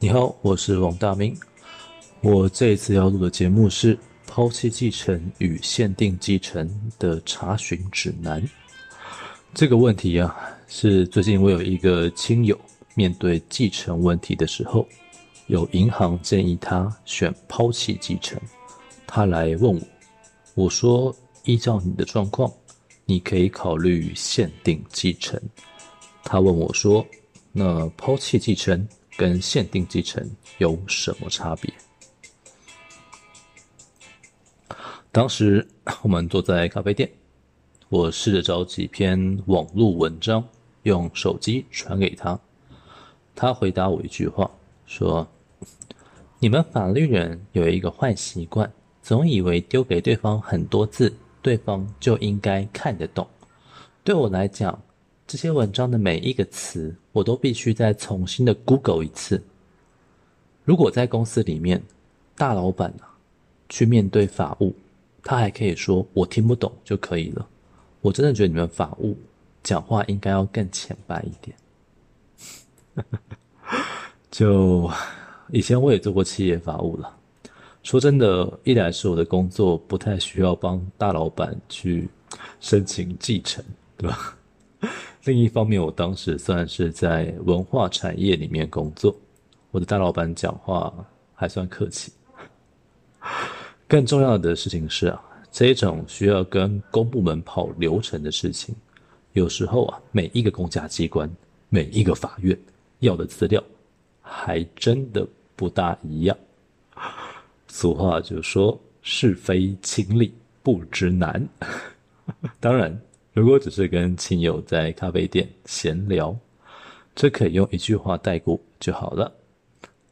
你好，我是王大明。我這一次要錄的節目是拋棄繼承與限定繼承的查詢指南。這個問題啊，是最近我有一個親友面對繼承問題的時候，有銀行建議他選拋棄繼承。他來問我，我說依照你的狀況，你可以考慮限定繼承。他問我說，那拋棄繼承？跟限定繼承有什麼差別？當時我們坐在咖啡店，我試着找幾篇網絡文章，用手機傳給他。他回答我一句話，說：“你們法律人有一個壞習慣，總以為丟給對方很多字，對方就應該看得懂。”對我來講，這些文章的每一個詞，我都必須再重新的 Google 一次。如果在公司裡面，大老板啊，去面對法務，他還可以說我聽不懂就可以了。我真的覺得你們法務講話應該要更淺白一點。 就以前我也做過企業法務了，說真的，一來是我的工作不太需要幫大老板去申請繼承，對吧？另一方面，我當時算是在文化產業裡面工作，我的大老板講話還算客氣。更重要的事情是啊，這種需要跟公部門跑流程的事情，有時候啊，每一個公家機關、每一個法院要的資料，還真的不大一樣。俗話就說：“是非情理不知難。”當然。 如果只是跟親友在咖啡店閒聊，就可以用一句話帶過就好了。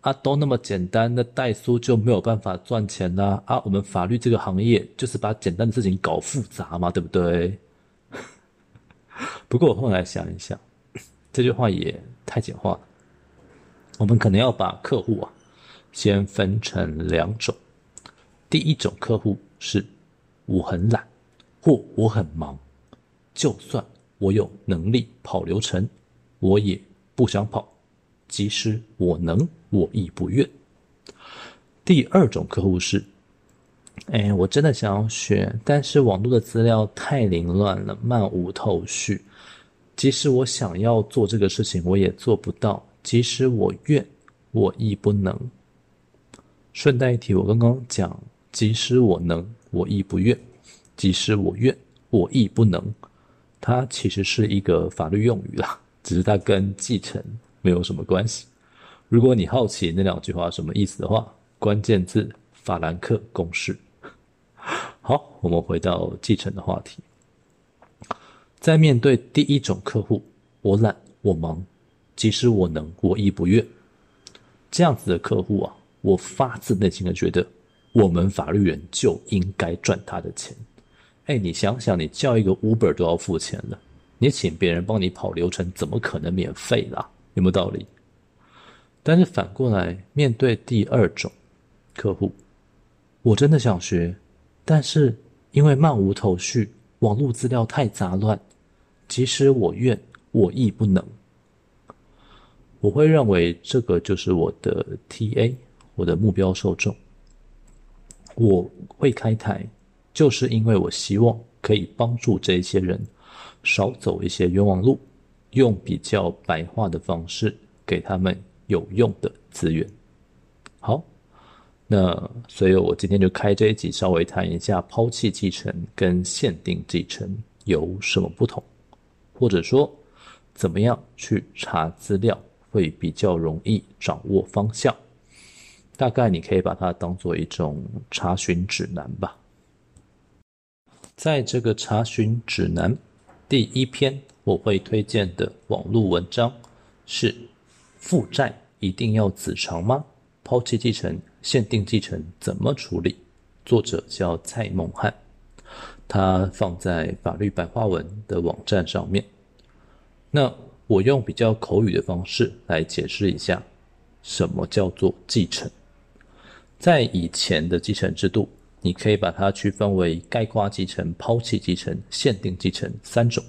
啊，都那麼簡單，的代書就沒有辦法賺錢啦，啊？啊，我們法律這個行業就是把簡單的事情搞複雜嘛，對不對？不過我後來想一想，這句話也太簡化了。我們可能要把客戶啊先分成兩種，第一種客戶是，我很懶，或我很忙。就算我有能力跑流程，我也不想跑；即使我能，我亦不願。第二種客戶是：哎，我真的想要學，但是網絡的資料太凌亂了，漫無頭緒。即使我想要做這個事情，我也做不到；即使我願，我亦不能。順帶一提，我剛剛講：即使我能，我亦不願；即使我願，我亦不能。它其實是一個法律用語啦，只是它跟繼承沒有什麼關係。如果你好奇那兩句話什麼意思的話，關鍵字，法蘭克公式。好，我們回到繼承的話題。在面對第一種客戶，我懶，我忙，即使我能，我亦不願。這樣子的客戶啊，我發自內心的覺得，我們法律人就應該賺他的錢。哎，你想想，你叫一個 Uber 都要付錢的，你請別人幫你跑流程，怎麼可能免費啦、啊？有沒有道理？但是反過來，面對第二種客戶，我真的想學，但是因為漫無頭緒，網絡資料太雜亂，即使我願，我亦不能。我會認為這個就是我的 TA，我的目標受眾，我會開台。就是因為我希望可以幫助這一些人少走一些冤枉路，用比較白話的方式給他們有用的資源。好，那所以我今天就開這一集，稍微談一下拋棄繼承跟限定繼承有什麼不同，或者說怎麼樣去查資料會比較容易掌握方向。大概你可以把它當做一種查詢指南吧。在這個查詢指南，第一篇我會推薦的網絡文章是“負債一定要子償嗎？拋棄繼承、限定繼承怎麼處理？”作者叫蔡孟漢，他放在法律白話文的網站上面。那我用比較口語的方式來解釋一下，什麼叫做繼承？在以前的繼承制度。你可以把它區分為概括繼承、拋棄繼承、限定繼承三種。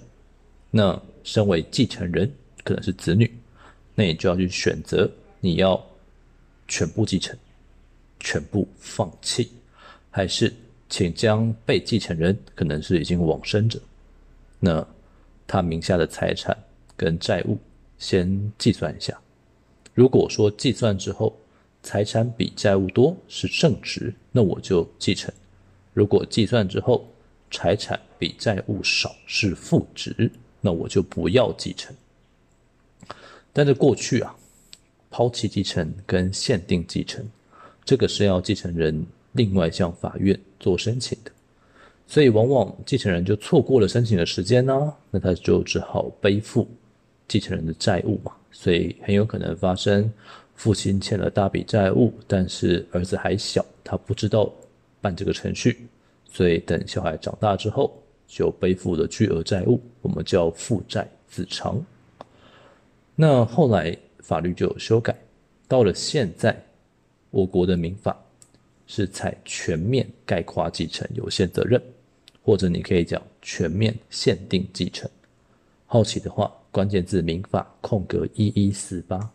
那身為繼承人，可能是子女，那你就要去選擇你要全部繼承、全部放棄，還是請將被繼承人，可能是已經往生者，那他名下的財產跟債務先計算一下。如果說計算之後，財產比債務多是正值，那我就繼承；如果計算之後財產比債務少是負值，那我就不要繼承。但在過去啊，拋棄繼承跟限定繼承，這個是要繼承人另外向法院做申請的，所以往往繼承人就錯過了申請的時間呢、啊，那他就只好背負繼承人的債務嘛，所以很有可能發生。父親欠了大筆債務，但是兒子還小，他不知道辦這個程序，所以等小孩長大之後，就背負了巨額債務，我們叫父債子償。那後來法律就有修改，到了現在，我國的民法是採全面概括繼承有限責任，或者你可以講全面限定繼承。好奇的話，關鍵字民法空格一一四八。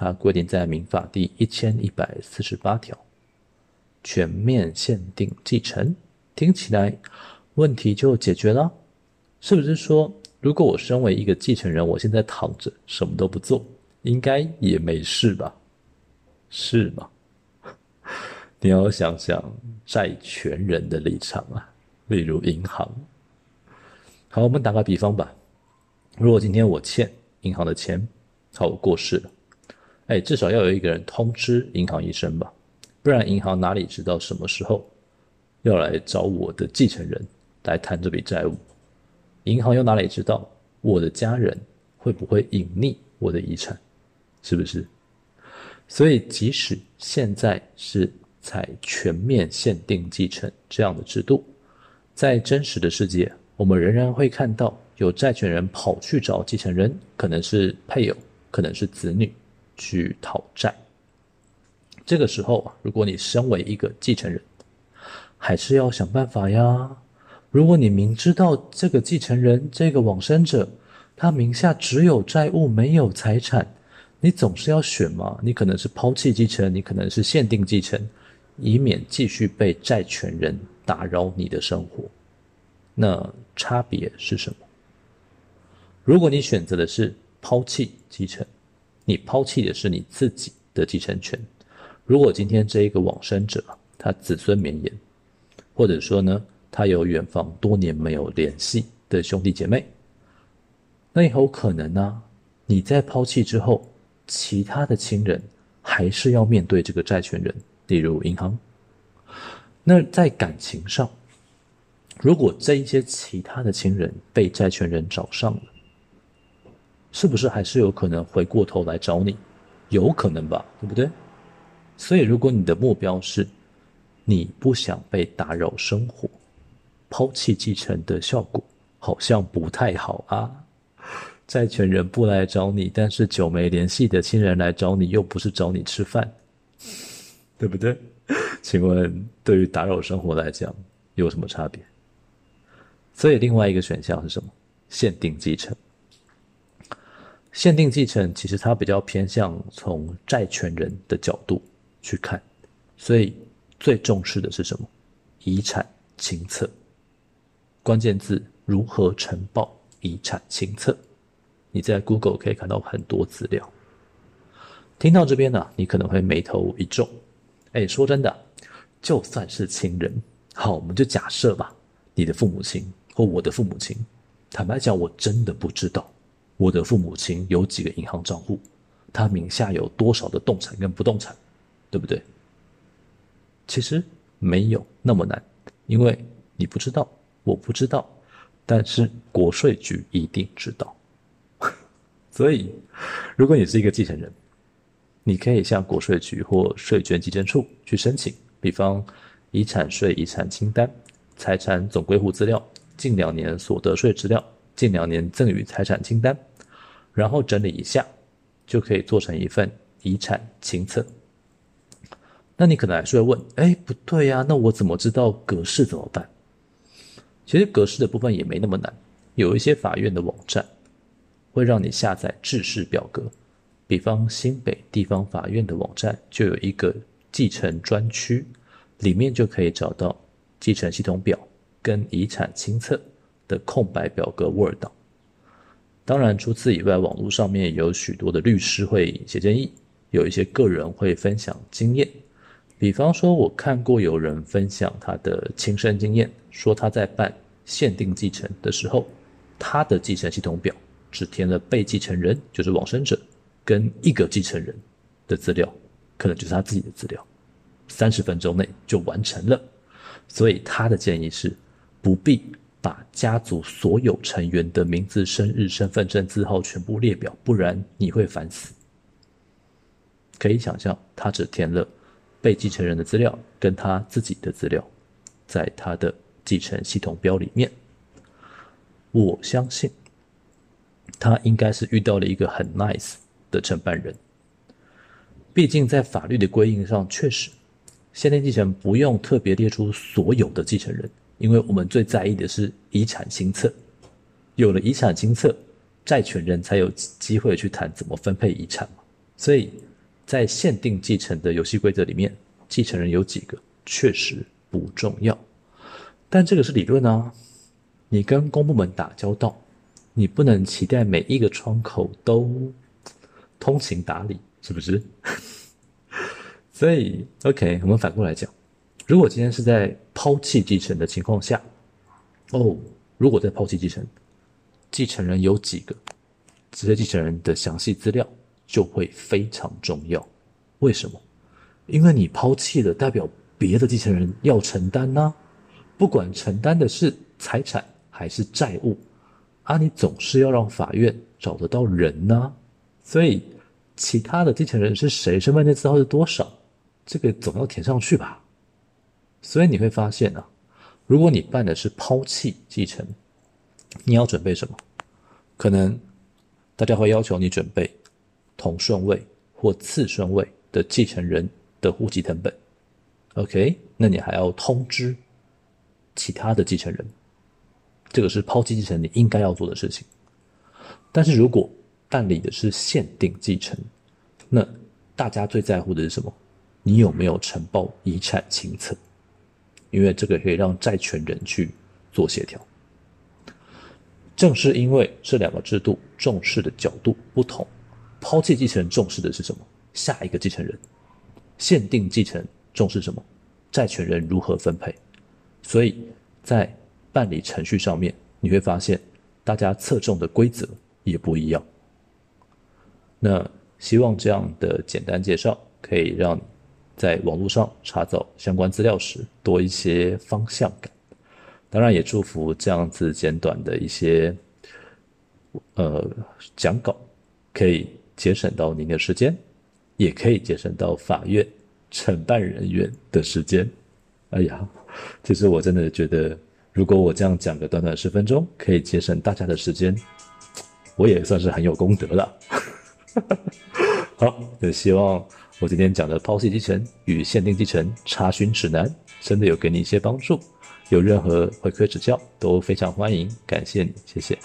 它規定在民法第一千一百四十八條，全面限定繼承，聽起來問題就解決了，是不是說，如果我身為一個繼承人，我現在躺着什麼都不做，應該也沒事吧？是嗎？你要想想債權人的立場啊，例如銀行。好，我們打個比方吧，如果今天我欠銀行的錢，好，我過世了。誒、哎，至少要有一個人通知銀行一聲吧，不然銀行哪裡知道什麼時候要來找我的繼承人來談這筆債務？銀行又哪裡知道我的家人會不會隱匿我的遺產？是不是？所以，即使現在是採全面限定繼承這樣的制度，在真實的世界，我們仍然會看到有債權人跑去找繼承人，可能是配偶，可能是子女。去討債。這個時候啊，如果你身為一個繼承人，還是要想辦法呀。如果你明知道這個繼承人、這個往生者，他名下只有債務，沒有財產，你總是要選嘛？你可能是拋棄繼承，你可能是限定繼承，以免繼續被債權人打擾你的生活。那差別是什麼？如果你選擇的是拋棄繼承。你拋棄的是你自己的繼承權。如果今天這一個往生者，他子孫綿延，或者說呢，他有遠房多年沒有聯繫的兄弟姐妹，那也有可能呢、啊。你在拋棄之後，其他的親人還是要面對這個債權人，例如銀行。那在感情上，如果這一些其他的親人被債權人找上了。是不是還是有可能回過頭來找你？有可能吧，對不對？所以，如果你的目標是，你不想被打擾生活，拋棄繼承的效果好像不太好啊。債權人不來找你，但是久沒聯繫的親人來找你，又不是找你吃飯，對不對？請問，對於打擾生活來講，有什麼差別？所以，另外一個選項是什麼？限定繼承。限定繼承其實它比較偏向從債權人的角度去看，所以最重視的是什麼？遺產清冊。關鍵字如何陳報遺產清冊？你在 Google 可以看到很多資料。聽到這邊呢、啊，你可能會眉頭一皺。哎，說真的，就算是親人，好，我們就假設吧，你的父母親或我的父母親，坦白講，我真的不知道。我的父母親有幾個銀行賬戶，他名下有多少的動產跟不動產，對不對？其實沒有那麼難，因為你不知道，我不知道，但是國稅局一定知道。 所以，如果你是一個繼承人，你可以向國稅局或稅捐稽徵處去申請，比方遺產稅遺產清單、財產總歸戶資料、近兩年所得稅資料、近兩年贈與財產清單。然後整理一下，就可以做成一份遺產清冊。那你可能還是會問：哎，不對呀、啊，那我怎麼知道格式怎麼辦？其實格式的部分也沒那麼難，有一些法院的網站會讓你下載製式表格。比方新北地方法院的網站就有一個繼承專區，裡面就可以找到繼承系統表跟遺產清冊的空白表格 Word 檔。當然，除此以外，網絡上面也有許多的律師會寫建議，有一些個人會分享經驗。比方說，我看過有人分享他的親身經驗，說他在辦限定繼承的時候，他的繼承系統表只填了被繼承人，就是往生者，跟一個繼承人的資料，可能就是他自己的資料，三十分鐘內就完成了。所以他的建議是，不必。把家族所有成員的名字、生日、身份證字號全部列表，不然你會煩死。可以想象，他只填了被繼承人的資料跟他自己的資料，在他的繼承系統表裡面。我相信，他應該是遇到了一個很 nice 的承辦人。畢竟，在法律的規定上，確實限定繼承不用特別列出所有的繼承人。因為我們最在意的是遺產清冊，有了遺產清冊，債權人才有機會去談怎麼分配遺產嘛。所以，在限定繼承的遊戲規則裡面，繼承人有幾個確實不重要，但這個是理論啊。你跟公部門打交道，你不能期待每一個窗口都通情達理，是不是？ 所以，OK，我們反過來講。如果今天是在拋棄繼承的情況下，哦，如果在拋棄繼承，繼承人有幾個，這些繼承人的詳細資料就會非常重要。為什麼？因為你拋棄的代表別的繼承人要承擔呢、啊？不管承擔的是財產還是債務，啊，你總是要讓法院找得到人呢、啊。所以，其他的繼承人是誰、身份證字號是多少，這個總要填上去吧。所以你會發現呢、啊，如果你辦的是拋棄繼承，你要準備什麼？可能大家會要求你準備同順位或次順位的繼承人的戶籍謄本。OK，那你還要通知其他的繼承人，這個是拋棄繼承你應該要做的事情。但是如果辦理的是限定繼承，那大家最在乎的是什麼？你有沒有承包遺產清冊？因為這個可以讓債權人去做協調。正是因為這兩個制度重視的角度不同，拋棄繼承人重視的是什麼？下一個繼承人，限定繼承重視什麼？債權人如何分配？所以在辦理程序上面，你會發現大家側重的規則也不一樣。那希望這樣的簡單介紹可以讓。在網絡上查找相關資料時，多一些方向感。當然，也祝福這樣子簡短的一些呃講稿，可以節省到您的時間，也可以節省到法院承辦人員的時間。哎呀，其實我真的覺得，如果我這樣講個短短十分鐘，可以節省大家的時間，我也算是很有功德了。 好，也希望。我今天講的拋棄繼承與限定繼承查詢指南，真的有給你一些幫助。有任何回饋指教，都非常歡迎。感謝你，謝謝。